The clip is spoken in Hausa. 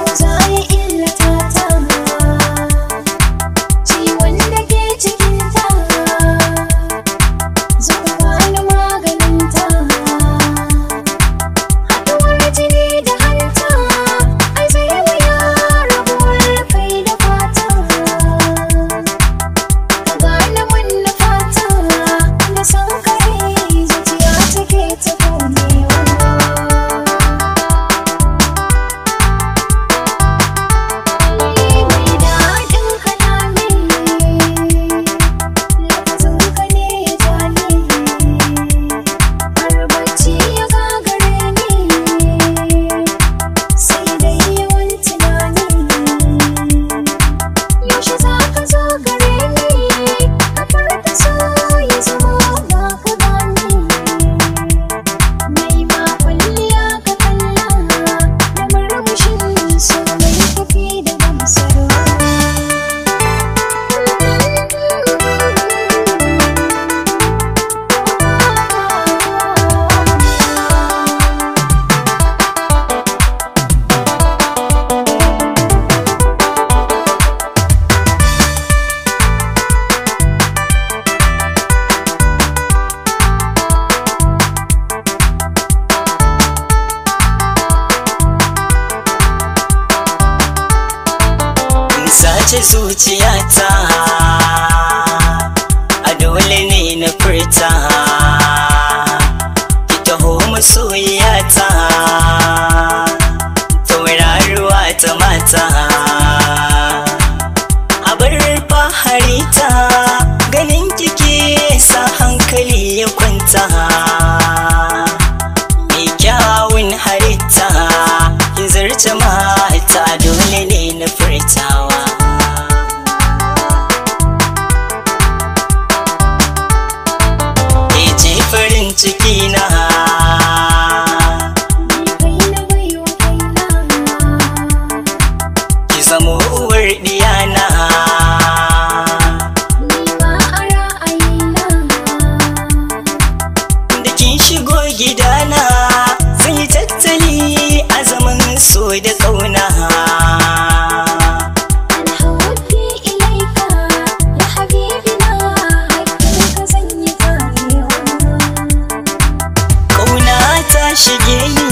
was ci zuciyata a dole ne na furta ki taho masoyiyata tauraruwa ta mata abar fahari ta ganin kike sa hankali cikina karşı değil